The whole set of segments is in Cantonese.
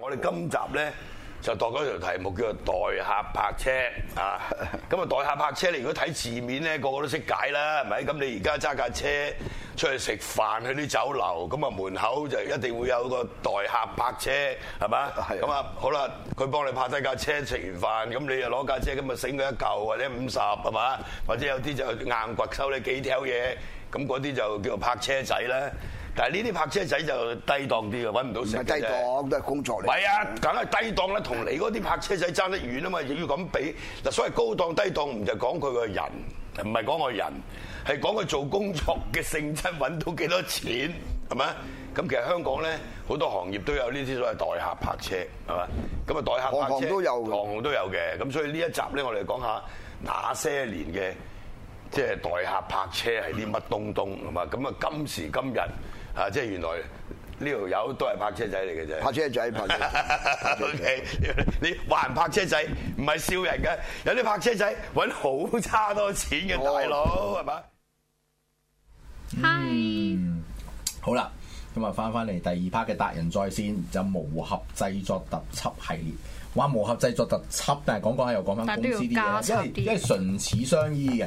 我哋今集咧就度咗條題目叫做代客泊車啊！咁啊，代客泊車, 客泊車你如果睇字面咧，個個都識解啦，係咪？咁你而家揸架車出去食飯，去啲酒樓，咁啊門口就一定會有個代客泊車，係嘛？咁啊， 好啦，佢幫你泊低架車，食完飯，咁你又攞架車，咁啊醒佢一嚿或者五十，係嘛？或者有啲就硬掘收你幾條嘢，咁嗰啲就叫做泊車仔啦。但係呢啲泊車仔就低檔啲嘅，揾唔到食啫。低檔、就係、都係工作嚟。係啊，梗係低檔啦，同你嗰啲泊車仔爭得遠啊嘛！亦要咁比，嗱，所謂高檔低檔唔就講佢個人，唔係講個人，係講佢做工作嘅性質揾到幾多錢，係咪？咁其實香港咧好多行業都有呢啲所謂代客泊車，係咪？咁啊，代客泊車行，行都有行，行行都有嘅。咁所以呢一集咧，我哋講下那些年嘅。即係代客泊車係啲乜東東啊嘛，咁啊今時今日啊，即係原來呢條友都係泊車仔嚟嘅啫。泊車仔，泊車仔。O K，你話人泊車仔唔係, okay, 笑人嘅，有啲泊車仔揾好差多錢嘅、oh. 大佬係嘛 h 好啦，咁啊翻翻嚟第二 part 嘅達仁在線就毛俠製作特輯系列，話毛俠製作特輯，但係講講又講翻公司啲嘢，因為因為唇齒相依嘅。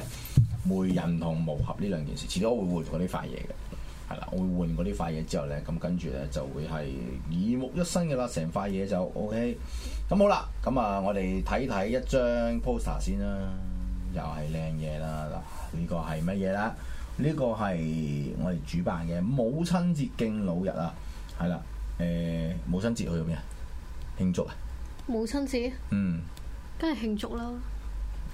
媒仁同毛俠呢兩件事，遲啲我會換過呢塊嘢嘅，係啦，我會換過呢塊嘢之後咧，咁跟住咧就會係耳目一新嘅啦，成塊嘢就 O K。咁、OK? 好啦，咁啊，我哋睇睇一張 poster 先啦，又係靚嘢啦，嗱，呢個係乜嘢啦？呢個係我哋主辦嘅母親節敬老日啊，係啦，誒、欸、母親節去咗邊啊？慶祝啊！母親節，嗯，梗係慶祝啦。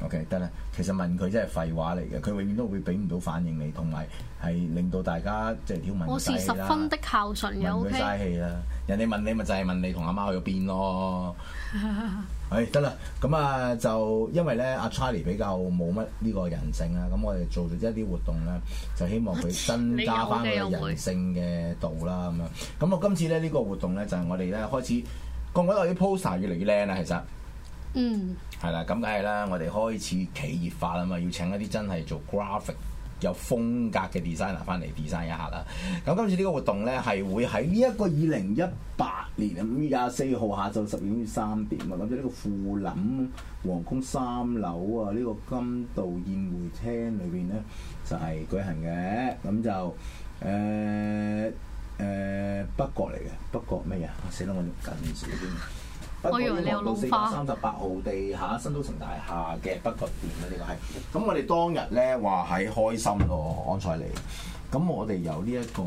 OK，得啦。其實問佢真係廢話嚟嘅，佢永遠都會俾唔到反應你，同埋係令到大家即係挑問題啦。我是十分的孝順嘅，OK。問佢嘥氣啦，Okay? 人哋問你咪就係、是、問你同阿媽，媽去咗邊咯。誒、 哎，得啦。咁啊，就因為咧，阿 Charlie 比較冇乜呢個人性啊。咁我哋做咗一啲活動咧，就希望佢增加翻佢人性嘅度啦，咁 的樣。咁我今次咧呢、這個活動咧就係、是、我哋咧開始，個個啲 poster 越嚟越靚啦，其實。嗯，係 啦，咁梗係啦，我哋開始企業化啊嘛，要請一啲真係做 graphic 有風格嘅 designer 翻嚟 design 一下啦。咁、嗯嗯、今次呢個活動咧係會喺呢一個二零一八年五月廿四號下晝十二點三點啊，諗住呢個富林皇宮三樓啊，呢、這個金道宴會廳裏邊咧就係、是、舉行嘅。咁就誒誒北角嚟嘅，北角咩啊？死啦，我近字啲。北角東道四百三十八號地下、啊、新都城大廈嘅北角店，呢個係。咁我哋當日咧話喺開心咯、啊，安采妮。咁我哋由呢一個誒、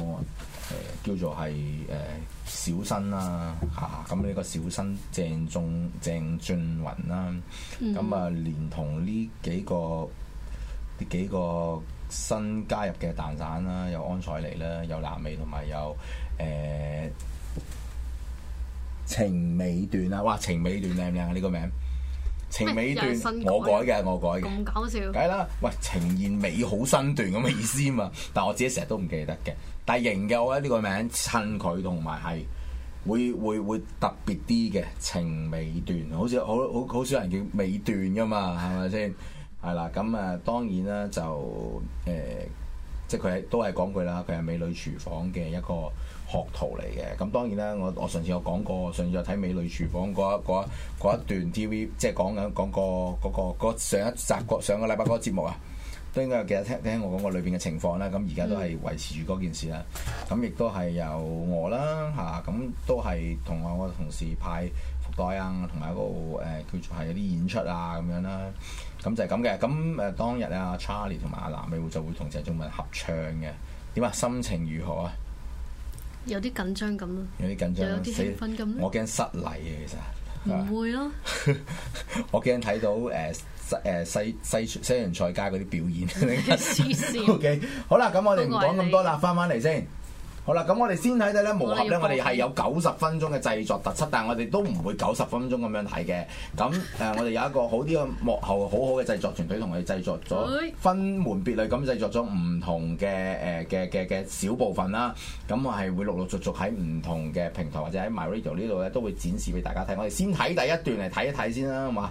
呃、叫做係誒、呃、小新啦嚇、咁、啊、呢個小新鄭仲鄭俊雲啦、啊，咁啊連同呢幾個呢、嗯、幾個新加入嘅蛋散啦，有安采妮啦，有南美同埋有誒。呃情尾段啊！哇，情尾段靚唔靚啊？呢個名情尾段我改嘅，我改嘅，咁搞笑。梗係啦，喂，呈現美好身段咁嘅意思嘛。但係我自己成日都唔記得嘅，但係型嘅，我覺得呢個名襯佢同埋係會會會特別啲嘅情尾段，好似好好好少人叫尾段㗎嘛，係咪先係啦？咁啊，當然啦，就誒。欸即係佢係都係講句啦，佢係《美女廚房》嘅一個學徒嚟嘅。咁當然啦，我我上次有講過，上次有睇《美女廚房》嗰一一一段 TV，即係講緊講、嗰個嗰、嗰個上一集上個禮拜嗰個節目啊，都應該有記得聽聽我講過裏邊嘅情況啦。咁而家都係維持住嗰件事啦。咁亦都係由我啦吓，咁、啊、都係同我同事派。對啊，同埋一個誒，叫做係有啲演出啊，咁樣啦，咁就係咁嘅。咁誒當日啊，Charlie 同埋阿藍美狐就會同鄭仲文合唱嘅。點啊？心情如何啊？有啲緊張咁啊！有啲緊張，又有啲興奮咁。我驚失禮是吧 啊，其實唔會咯。我驚睇到誒西誒西西西洋菜街嗰啲表演。 病 o、okay. K，好啦，咁我哋唔講咁多啦，翻返嚟先。好啦，咁我哋先睇睇咧，毛俠咧，我哋係有九十分鐘嘅製作特輯，但係我哋都唔會九十分鐘咁樣睇嘅。咁誒，我哋有一個好啲嘅幕後好好嘅製作團隊同我哋製作咗分門別類咁製作咗唔同嘅誒嘅嘅嘅小部分啦。咁我係會陸陸續續喺唔同嘅平台或者喺 MyRadio 呢度咧都會展示俾大家睇。我哋先睇第一段嚟睇一睇先啦，好嘛？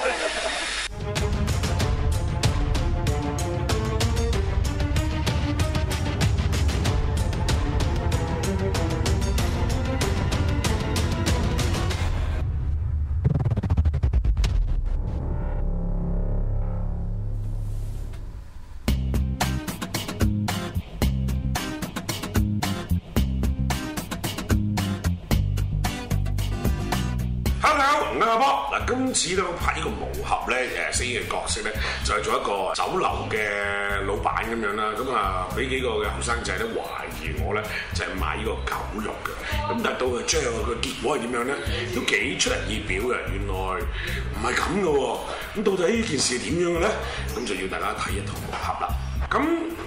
始拍呢個毛俠咧，誒飾演嘅角色咧，就係做一個酒樓嘅老闆咁樣啦。咁啊，俾幾個嘅後生仔咧懷疑我咧，就係賣呢個狗肉嘅。咁但到佢最後嘅結果係點樣咧？都幾出人意表嘅。原來唔係咁嘅喎。咁到底呢件事係點樣嘅咧？咁就要大家睇一套毛俠啦。咁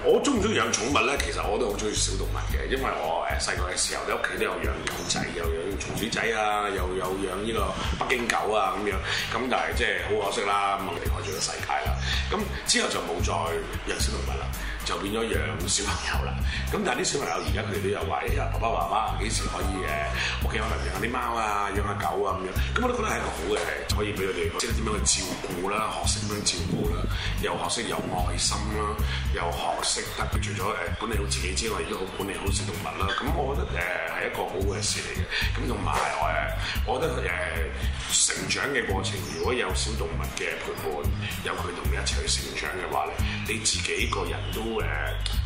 我中唔中意養寵物咧？其實我都好中意小動物嘅，因為我，細個嘅時候，你屋企都有養狗仔，又養松鼠仔啊，又有養呢個北京狗啊咁樣，咁但係即係好可惜啦，咁啊離開咗個世界啦，咁之後就冇再有呢啲動物啦。就變咗養小朋友啦，咁但係啲小朋友而家佢哋都有話，爸爸媽媽幾時可以誒屋企可能養下啲貓啊，養下狗啊咁樣，咁我都覺得係一個好嘅，可以俾佢哋即係點樣去照顧啦，學識點樣照顧啦，又學識有愛心啦，又學識得佢除咗誒管理好自己之外，亦都好管理好小動物啦。咁我覺得誒係一個好嘅事嚟嘅，咁同埋誒，我覺得誒成長嘅過程如果有小動物嘅陪伴，有佢同你一齊去成長嘅話咧。你自己個人都誒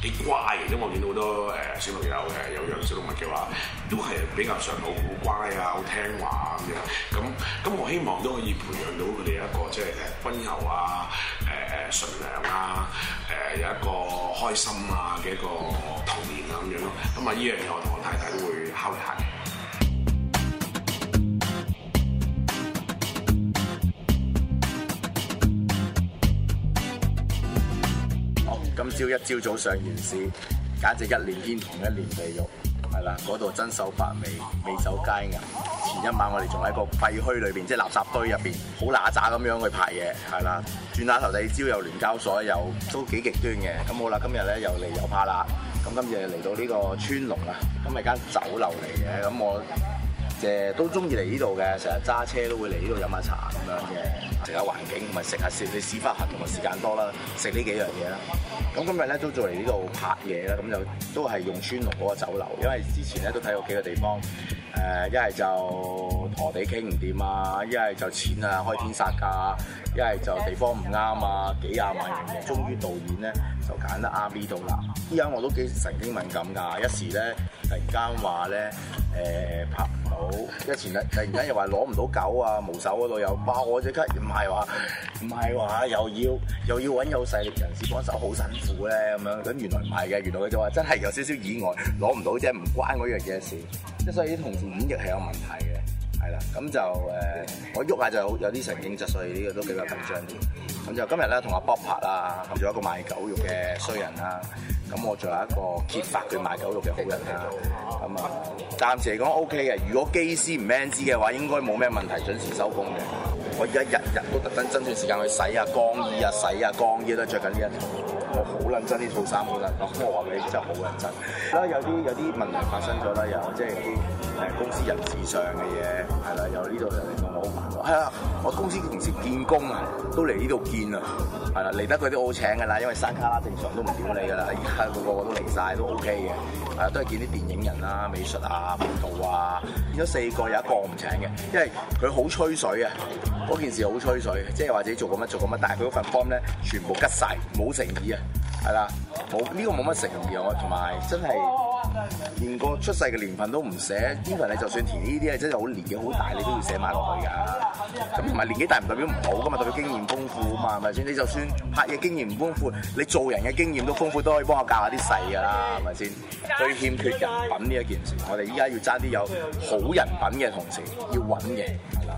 幾乖嘅，因為我見到好多誒小朋友，誒有養小動物嘅話都係比較上好乖啊，好聽話咁樣咁咁我希望都可以培養到佢哋一個即係誒温柔啊、誒誒純良啊、誒、呃、有一個開心啊嘅一個童年啊咁樣咯。咁啊，呢樣嘢我同我太太都會考慮下嘅。朝一朝早上完市，簡直一年天堂一年地獄，係啦，嗰度真守百味，未走佳牙。前一晚我哋仲喺個廢墟裏邊，即、就、係、是、垃圾堆入邊，好乸渣咁樣去拍嘢，係啦。轉下頭，第二朝又聯交所又都幾極端嘅。咁好啦，今日咧又嚟又拍啦。咁今日嚟到呢個川龍啦，咁係間酒樓嚟嘅，咁我。誒都中意嚟呢度嘅，成日揸車都會嚟呢度飲下茶咁樣嘅，食下環境同埋食下食，你屎忽痕同埋時間多啦，食呢幾樣嘢啦。咁今日咧都做嚟呢度拍嘢啦，咁就都係用川龍嗰個酒樓，因為之前咧都睇過幾個地方誒，一、呃、係就拖地傾唔掂啊，一係就錢啊開天殺價，一係就地方唔啱啊，幾廿萬人嘅。終於導演咧就揀得啱呢度啦。依家我都幾神經敏感㗎，一時咧突然間話咧誒拍。好，因為前日，突然間又話攞唔到狗啊，無手嗰度又嘩我即刻，唔係話唔係話又要又要揾有勢力人士幫手，好辛苦咧咁樣。咁原來唔係嘅，原來佢就話真係有少少意外，攞唔到啫，唔關我依樣嘢事。即所以同事演繹係有問題嘅。咁、嗯、就誒、是，我喐下就好，有啲神經質，所以呢個都幾緊張啲。咁就今日咧，同阿 Bob 拍啦，仲有一個賣狗肉嘅衰人啦。咁我仲有一個揭發佢賣狗肉嘅好人啦。咁、嗯、啊，暫時嚟講 OK 嘅。如果機師唔 man 嘅話，應該冇咩問題，準時收工嘅。我而家日日都特登爭取時間去洗啊、乾衣啊、洗啊、乾衣都着著緊呢一套。我好認真呢套衫嘅啦，我話畀你真係好認真。啦，有啲有啲問題發生咗啦，又即係啲。就是係公司人事上嘅嘢，係啦，由呢度由呢個我好煩。係啊，我公司同事見工啊，都嚟呢度見啊，係啦，嚟得佢都好請㗎啦，因為山卡拉正常都唔屌你㗎啦，而家個個都嚟晒都 OK 嘅，係都係見啲電影人啦、美術啊、舞蹈啊，見咗四個有一個我唔請嘅，因為佢好吹水啊，嗰件事好吹水，即係或者做過乜做過乜，但係佢嗰份 form 咧全部吉晒，冇誠意啊，係啦，冇呢、呢個冇乜誠意啊，我同埋真係。連個出世嘅年份都唔寫，因為你就算填呢啲係真係好年紀好大，你都要寫埋落去噶。咁唔係年紀大唔代表唔好噶嘛，代表經驗豐富啊嘛，係咪先？你就算拍嘢經驗唔豐富，你做人嘅經驗都豐富，都可以幫我教下啲細噶啦，係咪先？ 最欠缺人品呢一件事，我哋依家要揸啲有好人品嘅同事要搵嘅。係啦。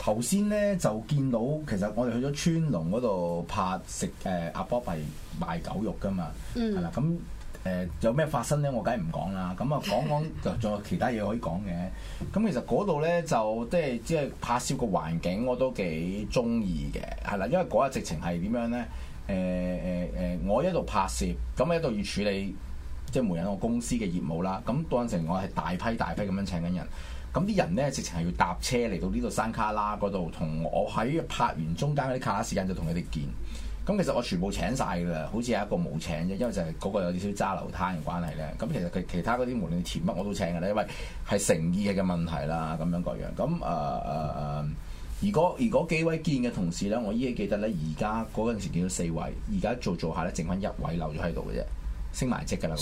頭先咧就見到，其實我哋去咗川龍嗰度拍食誒阿波幣賣狗肉噶嘛，係啦、嗯，咁誒、呃、有咩發生咧？我梗係唔講啦。咁啊，講講就仲有其他嘢可以講嘅。咁其實嗰度咧就即係即係拍攝個環境我都幾中意嘅，係啦，因為嗰日直情係點樣咧？誒誒誒，我一路拍攝，咁一路要處理即係媒仁我公司嘅業務啦。咁當陣時我係大批大批咁樣請緊人。咁啲人咧，直情係要搭車嚟到呢度山卡拉嗰度，同我喺拍完中間嗰啲卡拉時間就同佢哋見。咁其實我全部請晒噶啦，好似係一個冇請嘅，因為就係嗰個有少少揸流灘嘅關係咧。咁其實佢其他嗰啲無論你填乜我都請噶啦，因為係誠意嘅問題啦，咁樣各樣。咁誒誒誒，如果如果幾位見嘅同事咧，我依家記得咧，而家嗰陣時見到四位，而家做做下咧，剩翻一位留咗喺度嘅啫，升埋職㗎啦，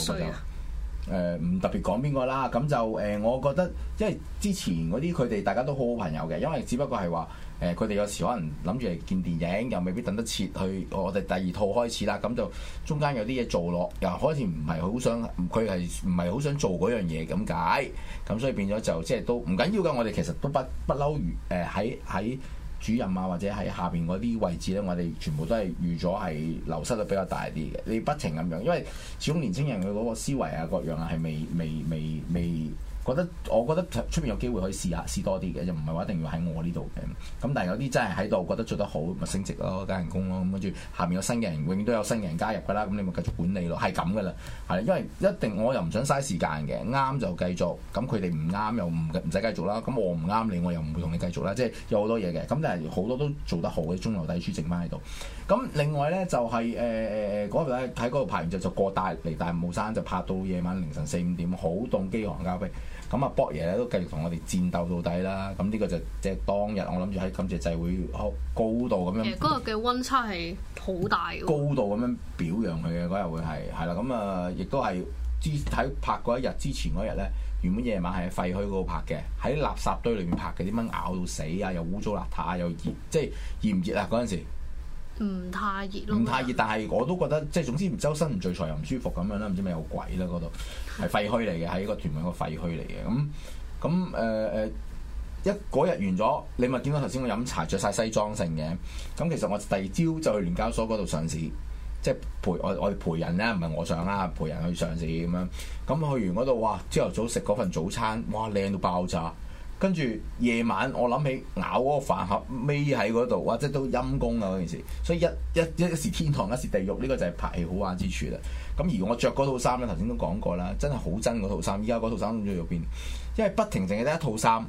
誒唔、呃、特別講邊個啦，咁就誒、呃、我覺得，因為之前嗰啲佢哋大家都好好朋友嘅，因為只不過係話誒佢哋有時可能諗住嚟見電影，又未必等得切去我哋第二套開始啦，咁就中間有啲嘢做落，又開始唔係好想佢係唔係好想做嗰樣嘢咁解，咁所以變咗就即係、就是、都唔緊要㗎，我哋其實都不不嬲如誒喺喺。呃主任啊，或者喺下邊嗰啲位置咧，我哋全部都係預咗係流失得比較大啲嘅，你不停咁樣，因為始終年青人佢嗰個思維啊、各樣啊，係未、未、未、未。覺得我覺得出面有機會可以試下試多啲嘅，又唔係話一定要喺我呢度嘅。咁但係有啲真係喺度，覺得做得好，咪升職咯，加人工咯。咁跟住下面有新嘅人，永遠都有新嘅人加入㗎啦。咁你咪繼續管理咯，係咁㗎啦。係因為一定我又唔想嘥時間嘅，啱就繼續。咁佢哋唔啱又唔唔使繼續啦。咁我唔啱你，我又唔會同你繼續啦。即係有好多嘢嘅。咁但係好多都做得好嘅中流砥柱，剩返喺度。咁另外咧就係誒誒誒嗰日喺嗰度拍完之後，就過大嚟大霧山，就拍到夜晚凌晨四五點，好凍，飢寒交迫。咁啊，博爺咧都繼續同我哋戰鬥到底啦！咁呢個就即係當日，我諗住喺今次就會高度高度咁樣。其實嗰日嘅溫差係好大。高度咁樣表揚佢嘅嗰日會係係啦，咁啊亦都係之喺拍嗰一日之前嗰日咧，原本夜晚係廢墟嗰度拍嘅，喺垃圾堆裏面拍嘅，啲蚊咬到死啊，又污糟邋遢又熱，即係熱唔熱啊嗰陣時？唔太熱咯，啊。唔太熱，但係我都覺得即係總之唔周身唔聚財又唔舒服咁樣啦，唔知咪有鬼啦嗰度。係廢墟嚟嘅，係一個屯門一個廢墟嚟嘅。咁咁誒、誒，一嗰日完咗，你咪見到頭先我飲茶，着晒西裝性嘅。咁其實我第二朝就去聯交所嗰度上市，即係陪我、我哋陪人咧，唔係我上啦，陪人去上市咁樣。咁去完嗰度，哇！朝頭早食嗰份早餐，哇靚到爆炸！跟住夜晚，我諗起咬嗰個飯盒，孭喺嗰度，哇！真係都陰功啊嗰件事，所以一一一時天堂，一時地獄，呢個就係拍戲好玩之處啦。咁而我着嗰套衫咧，頭先都講過啦，真係好憎嗰套衫。依家嗰套衫都唔知去邊？因為不停淨係得一套衫，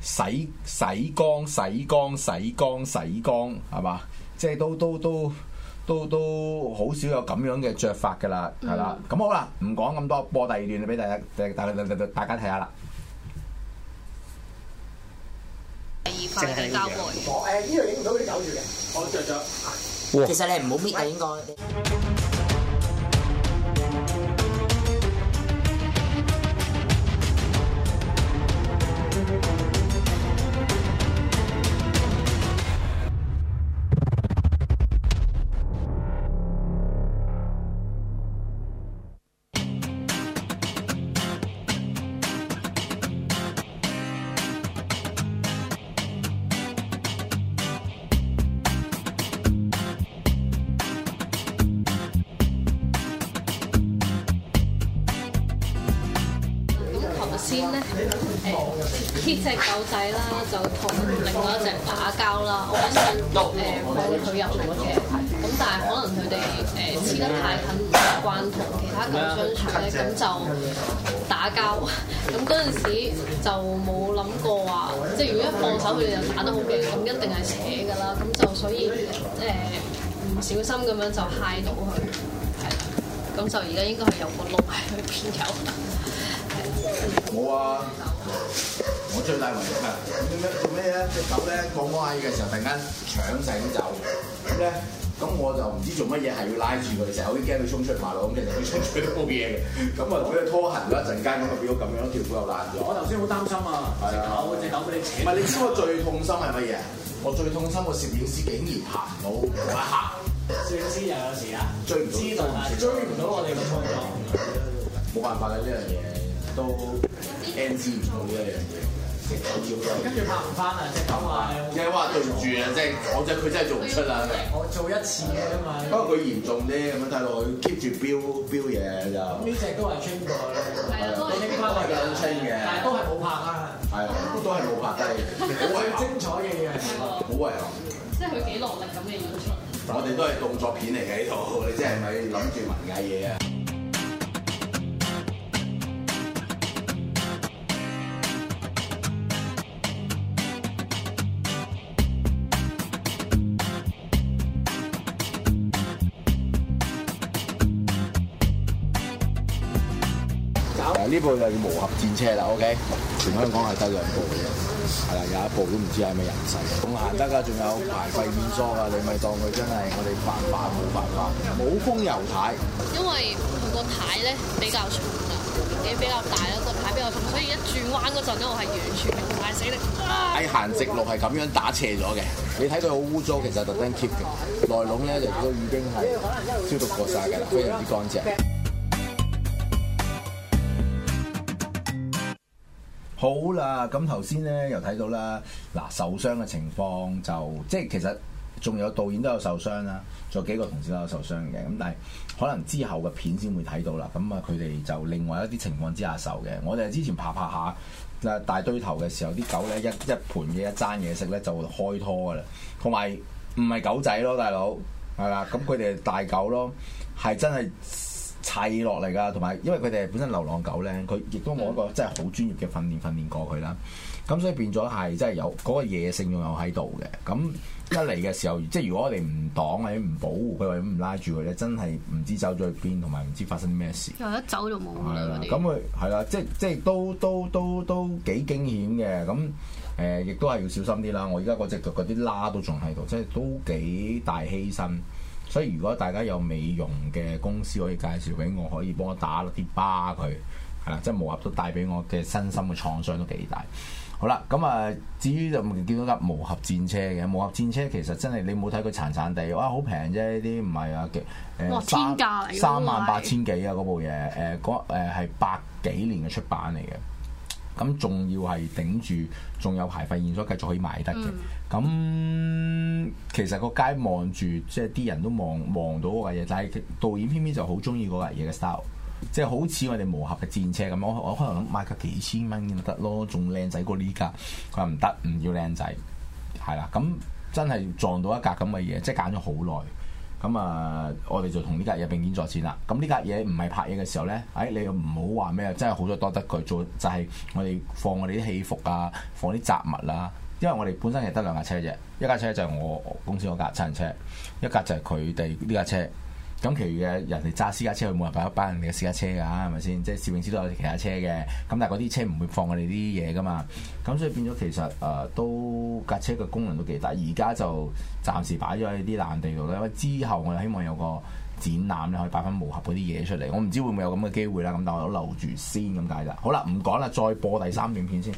洗洗乾、洗乾、洗乾、洗乾，係嘛？即係、就是、都都都都都好少有咁樣嘅着法嘅啦，係啦。咁、嗯、好啦，唔講咁多，播第二段俾大家，大家大家睇下啦。淨係膠袋。我誒呢樣影唔到啲狗住嘅。我着咗。其實你唔好搣啊，應該。隻狗仔啦，就同另外一隻打交啦。我相信誒放佢入咗嘅，咁但係可能佢哋誒黐得太近，唔慣同其他狗相處咧，咁就打交。咁嗰陣時就冇諗過話，即係如果一放手佢哋就打得好勁，咁一定係扯㗎啦。咁就所以誒唔、呃、小心咁樣就揩到佢，係啦。咁就而家應該係有個窿喺邊度。 冇啊！打打打我最大遺憾啊！咁樣做咩啊？隻狗咧，講講下嘅時候，突然間搶醒走。咁咧，咁我就唔知做乜嘢，係要拉住佢哋，成日好驚佢衝出馬路咁，成日佢衝出去都冇嘢嘅。咁啊，同佢拖行咗一陣間，咁啊變到咁樣，條褲又爛咗。我頭先好擔心啊！隻狗、啊，隻狗俾你扯。唔係你知我最痛心係乜嘢？我最痛心個攝影師竟然行唔到嗰一攝影師又有，有事啊，追唔到，但 追唔到我哋嘅錯。冇但 辦法㗎，呢樣嘢。都 N Z 唔到呢一樣嘢，所以咁跟住拍唔翻即隻狗啊！即係話對唔住啊！即係我真係佢真係做唔出啊！我做一次啫嘛。不過佢嚴重啲咁樣睇落去，keep 住標標嘢就。呢隻都係 train 過啦，都拎翻嚟嘅。但係都係冇拍啦，係都都係冇拍低。好精彩嘅嘢，好遺憾。即係佢幾落力咁嘅演出。我哋都係動作片嚟嘅呢套，你即係咪諗住文藝嘢啊？呢部就叫毛俠戰車啦，OK？全香港係得兩部嘅，係啦，有一部都唔知係咩人駛，仲行得噶，仲有排廢變速啊！你咪當佢真係我哋辦法冇辦法，冇風油軚，因為佢個軚咧比較長啊，年紀比較大啦，個軚比較長，所以一轉彎嗰陣咧，我係完全唔帶死力。係行直路係咁樣打斜咗嘅，你睇佢好污糟，其實特登 keep 嘅內籠咧就都已經係消毒過曬嘅啦，非常之乾淨。好啦，咁頭先咧又睇到啦，嗱，受傷嘅情況就即係其實仲有導演都有受傷啦，仲有幾個同事都有受傷嘅，咁但係可能之後嘅片先會睇到啦。咁啊，佢哋就另外一啲情況之下受嘅。我哋之前拍拍下大堆頭嘅時候，啲狗咧一一盤嘢一爭嘢食咧就會開拖噶啦，同埋唔係狗仔咯，大佬係啦，咁佢哋大狗咯，係真係。砌落嚟噶，同埋因為佢哋本身流浪狗咧，佢亦都冇一個真係好專業嘅訓練訓練過佢啦。咁所以變咗係即係有嗰個野性仲有喺度嘅。咁一嚟嘅時候，即係如果我哋唔擋，或者唔保護佢，或者唔拉住佢咧，真係唔知走咗去邊？同埋唔知發生啲咩事。有一走就冇啦。咁佢係啦，即係即係都都都都都幾驚險嘅。咁誒，亦、呃、都係要小心啲啦。我而家嗰隻腳嗰啲拉都仲喺度，即係都幾大犧牲。所以如果大家有美容嘅公司可以介紹俾我，可以幫我打啲疤佢，係啦，即係毛俠都帶俾我嘅身心嘅創傷都幾大。好啦，咁啊，至於就見到架毛俠戰車嘅毛俠戰車，其實真係你冇睇佢殘殘地，哇，好平啫呢啲唔係啊嘅，呃、哇，天價嚟，三,三萬八千幾啊嗰部嘢，誒嗰誒係百幾年嘅出版嚟嘅。咁仲要係頂住，仲有排廢現所繼續可以買得嘅。咁、嗯嗯、其實個街望住，即係啲人都望望到嗰個嘢，但係導演偏偏就好中意嗰個嘢嘅 style，即係好似我哋磨合嘅戰車咁。我我可能諗買個幾千蚊先得咯，仲靚仔過呢架。佢話唔得，唔要靚仔，係啦。咁真係撞到一架咁嘅嘢，即係揀咗好耐。咁啊、嗯！我哋就同呢架嘢並肩作戰啦。咁呢架嘢唔係拍嘢嘅時候呢，誒、哎，你又唔好話咩真係好多多得佢做，就係、是、我哋放我哋啲戲服啊，放啲雜物啦、啊。因為我哋本身係得兩架車啫，一架車就係我公司嗰架七人車，一架就係佢哋呢架車。咁，其餘嘅人哋揸私家車，佢冇人擺一班人哋嘅私家車噶，係咪先？即攝影師都有其他車嘅，咁但係嗰啲車唔會放我哋啲嘢噶嘛。咁所以變咗其實誒、呃、都架車嘅功能都幾大。而家就暫時擺咗喺啲爛地度啦。因為之後我哋希望有個展覽，你可以擺翻毛俠嗰啲嘢出嚟。我唔知會唔會有咁嘅機會啦。咁但我都留住先咁解啦。好啦，唔講啦，再播第三段片先。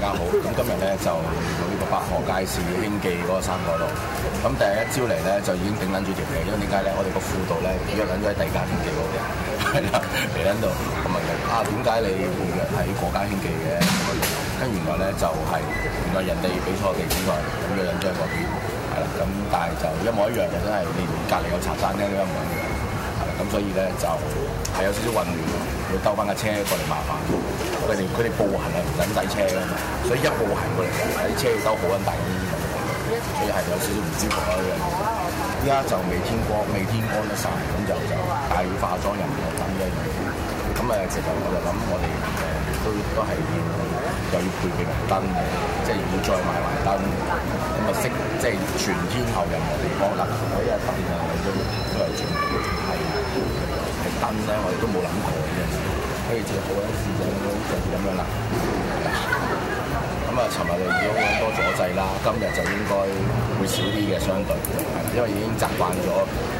加好咁今日咧就遇到呢個百河街市興記嗰山度咯，咁、嗯、第一朝嚟咧就已經頂撚住條命，因為點解咧？我哋個輔導咧約撚咗喺第二間興記嗰度，係啦，企喺度咁問佢：啊，點解你會約喺嗰間興記嘅？跟、嗯、原來咧就係、是、原來人哋俾錯地址我，咁約撚咗喺嗰邊，係啦。咁但係就一模一樣，真係連隔離個茶餐廳咧都一模一樣，係啦。咁、嗯、所以咧就係有少少混亂。要兜翻架車過嚟麻煩，我哋佢哋步行係唔使駛車㗎嘛，所以一步行過嚟喺車要兜好撚大啲咁，所以係有少少唔舒服嘅。依家就未天光，未天光一晒，咁就就大雨化妝入等又陰陰，咁誒，其實我就諗我哋誒都都係要又要配備燈，即係要再買埋燈，咁啊識即係全天候任何地方光能水啊燈啊，都都係全部要齊。燈咧，我哋都冇諗過嘅，可以做好緊試緊咁，就係咁樣啦。咁啊，尋日嚟咗好多阻滯啦，今日就應該會少啲嘅相對，因為已經習慣咗。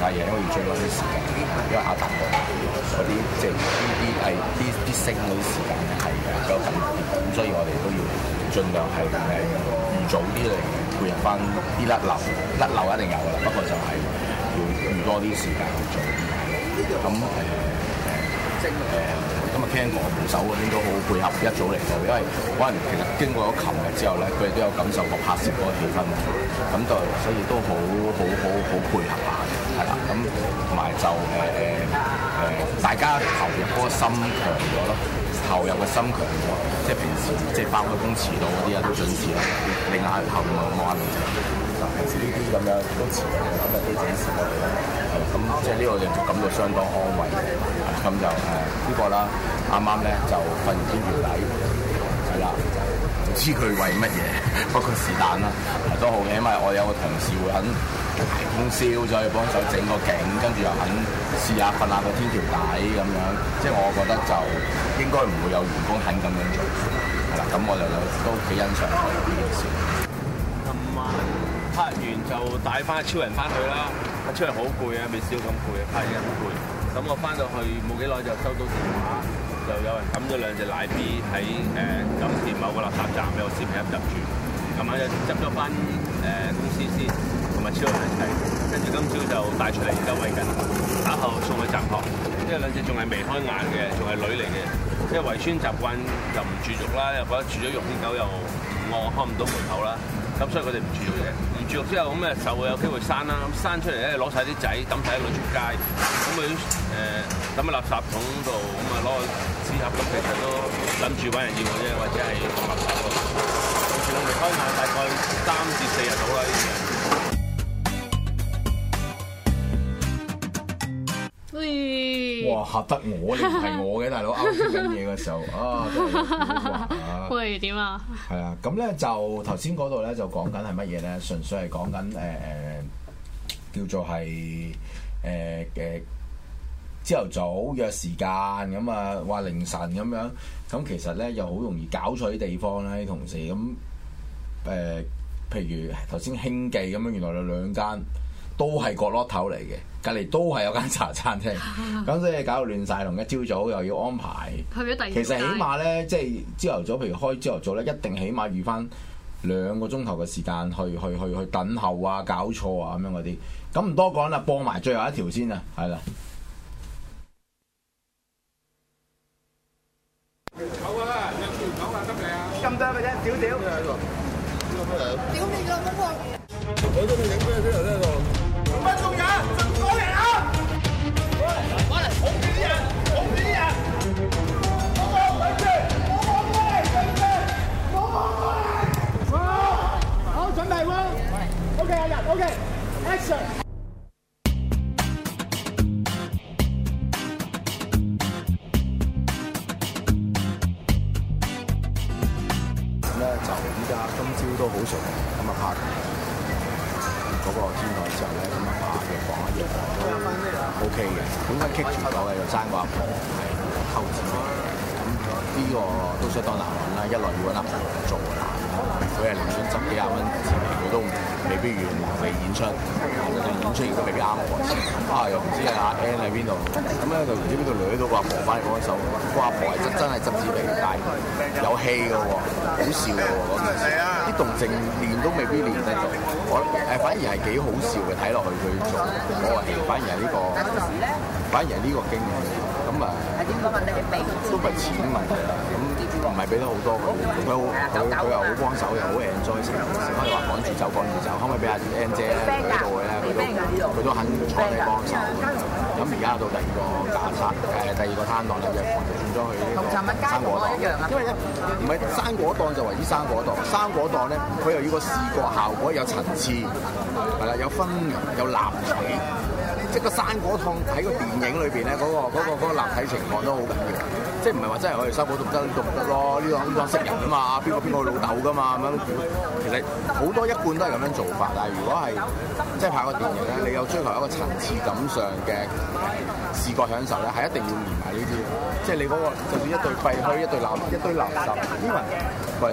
嘅嘢，因為要追嗰啲時間，因為下集嗰啲即係呢啲係啲啲剩啲時間係嘅，比較緊密。咁所以我哋都要儘量係誒、嗯、預早啲嚟配合翻啲甩漏。甩漏一定有啦。不過就係要預多啲時間去做。咁誒誒誒，咁啊，Ken 手嗰邊都好配合一組嚟到，因為可能其實經過咗琴日之後咧，佢哋都有感受過拍攝嗰個氣氛，咁就所以都好好好好配合下。係啦，咁同埋就誒誒、呃呃，大家投入嗰個心強咗咯，投入嘅心強咗，即係平時即包辦公遲到嗰啲人都準時啦，你硬後面冇話唔做。平時呢啲咁樣都遲到，咁都正常嘅。咁、啊、即係呢個令我感到相當安慰嘅。咁、啊、就誒呢、呃呢個啦，啱啱咧就瞓完天橋底，係啦，唔知佢為乜嘢，不， 不過是但啦，都好，嘅，因為我有個同事會肯。排通宵再去幫手整個景，跟住又肯試下瞓下個天橋底咁樣，樣，即係我覺得就應該唔會有員工肯咁樣做嗱，咁我就有都幾欣賞佢呢件事。琴晚、嗯、拍完就帶翻超人翻去啦，超人好攰啊，未燒咁攰，拍嘢好攰。咁我翻到去冇幾耐就收到電話，就有人抌咗兩隻奶 B 喺誒酒店某個垃圾站俾我攝入入住。琴晚又執咗翻誒公司先。同埋超人難睇，跟住今朝就帶出嚟而家餵緊，打後送去暫託，因為兩隻仲係未開眼嘅，仲係女嚟嘅。即係圍村習慣就唔絕育啦，又覺得絕咗育，啲狗又，又餓開唔到門口啦，咁所以佢哋唔絕育嘅。唔絕育之後咁咧就會有機會生啦，咁生出嚟咧攞晒啲仔抌曬啲女出街，咁佢誒抌喺垃圾桶度，咁啊攞去紙盒，咁其實都諗住揾人要嘅啫，或者係垃圾。仲未開眼，大概三至四日到啦。嚇得我你唔係我嘅大佬勾住緊嘢嘅時候，啊都唔 啊！喂，點啊？係啊，咁咧就頭先嗰度咧就講緊係乜嘢咧？純粹係講緊誒誒，叫做係誒誒，朝、呃、頭、呃、早約時間咁啊，話凌晨咁樣，咁其實咧又好容易搞錯啲地方啦，同事咁誒、呃，譬如頭先興記咁樣，原來有兩間。都係角落頭嚟嘅，隔離都係有間茶餐廳，咁即係搞到亂晒，同一朝早又要安排。其實起碼呢，即係朝頭早，譬如開朝頭早呢，一定起碼預返兩個鐘頭嘅時間去去去去等候啊、搞錯啊咁樣嗰啲。咁唔多講啦，播埋最後一條先啊，係啦。反而係呢個經驗，咁啊都唔係錢問題啦，咁唔係俾得好多。佢佢佢又好幫手，又好 enjoy 成可以話趕住走就趕住走，可唔可，可以俾下安姐咧？呢度咧，佢都佢都肯坐喺度幫手。咁而家到第二個架山，誒第二個攤檔就入貨轉咗去個生果檔，因為咧唔係生果檔就為之生果檔，生果檔咧佢又要個視覺效果有層次，係啦，有分有立體。即個生果燙喺個電影裏邊咧，嗰個嗰個嗰個立體情況都好緊要，即係唔係話真係我哋收好同真都唔得咯？呢個呢個識人啊嘛，邊個邊個老豆㗎嘛咁樣。其實好多一貫都係咁樣做法，但係如果係即係拍個電影咧，你有追求一個層次感上嘅視覺享受咧，係一定要連埋呢啲，即係你嗰個就算一對廢墟、一對垃一堆垃圾呢份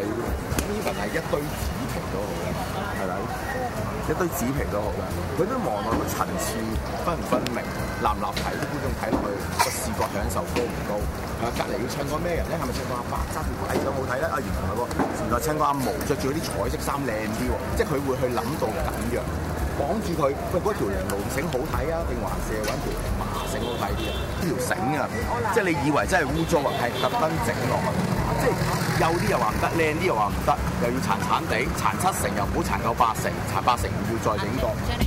even 係係一堆。一堆紙皮好都好嘅，佢都望啊，佢層次分唔分明，立唔立體？觀眾睇落去個視覺享受高唔高？啊，隔離要襯個咩人咧？係咪阿伯揸住拐杖好睇咧？啊，原來喎，原來襯個阿毛，着住啲彩色衫靚啲喎。即係佢會去諗到咁樣，綁住佢喂，嗰條尼龍繩好睇啊，定還是揾條麻繩好睇啲啊？呢條繩啊，即係你以為真係污糟啊，係特登整落去。即幼啲又話唔得，靚啲又話唔得，又要殘殘地，殘七成又唔好殘夠八成，殘八成唔要再整過 Okay.。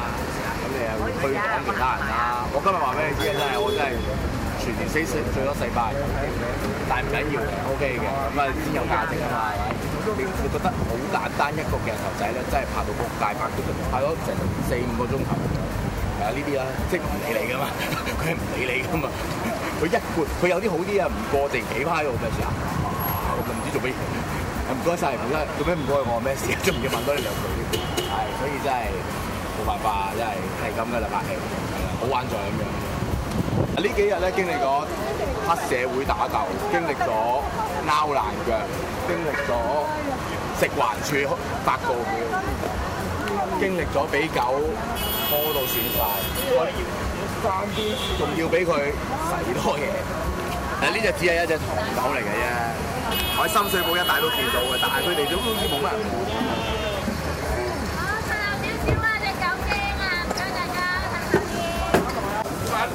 你又去講其他人啦！我今日話俾你知啊，真係我真係全年死成最多四敗，但唔緊要嘅，O K 嘅。咁啊、okay 的，先有價值啊嘛，係你、啊、你覺得好簡單一個鏡頭仔咧，真係拍到百大拍幾拍咗成四五個鐘頭。係啊，呢啲啊，即係唔理你噶嘛，佢係唔理你噶嘛。佢一撥，佢有啲好啲啊，唔過成幾拍喎？咩事啊？我唔知做咩嘢。唔該晒，唔該，做咩唔該我咩事啊？唔要多問多你兩句，係，所以真係。爸爸，真係係咁噶啦，白起，好玩在咁樣。呢幾日咧經歷咗黑社會打鬥，經歷咗撈爛腳，經歷咗食環署發告票，經歷咗俾狗拖到損曬，仲要俾佢洗多嘢。啊！呢隻只係一隻唐狗嚟嘅啫，我喺深水埗一帶都見到嘅，但係佢哋都好似冇乜人。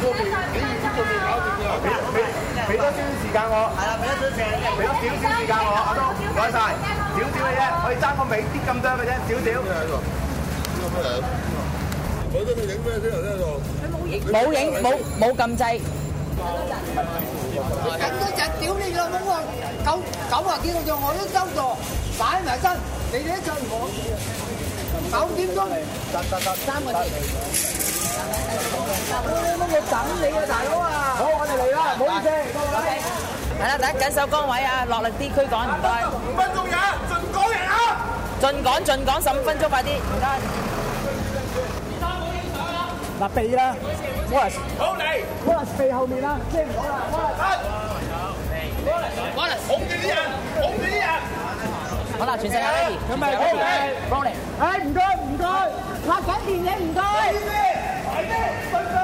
方便，俾預先做定，方便啲啊！俾俾俾多少少時間我，係啦，俾多少少，俾多少少時間我，阿東，唔該晒，少少嘅啫，可以爭個尾啲咁多嘅啫，少少。咩喺度？邊個嚟？我喺度。冇得你影咩？邊個喺度？冇影，冇冇撳掣。幾多隻？你咁多隻，屌你老母啊！九九啊幾個鐘我都收咗，擺埋身，你哋一張唔講。九點鐘，得得得，三個字。乜嘢等你啊，大佬啊！好，我哋嚟啦，唔好意思，多謝。係啦，第一緊守崗位啊，落力啲，驅趕唔該。五分鐘呀，進趕人啊！進趕進趕十五分鐘，快啲！唔該。唔該，唔該。嗱，鼻啦，Walsh，好嚟，Walsh，鼻後面啦，先唔講啦，Walsh，唞，Walsh，拱住啲人，拱住啲人。好啦，全世界，有咪？有咪？Walsh，哎，唔該，唔該，拍緊電影唔該。係咩？係咩？進港。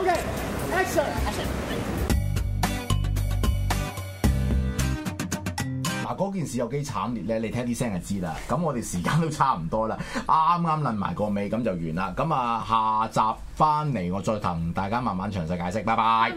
嗱，嗰 Okay . Action.、啊、件事有幾慘烈咧？你聽啲聲就知啦。咁我哋時間都差唔多啦，啱啱論埋個尾，咁就完啦。咁啊，下集翻嚟我再同大家慢慢詳細解釋。拜拜。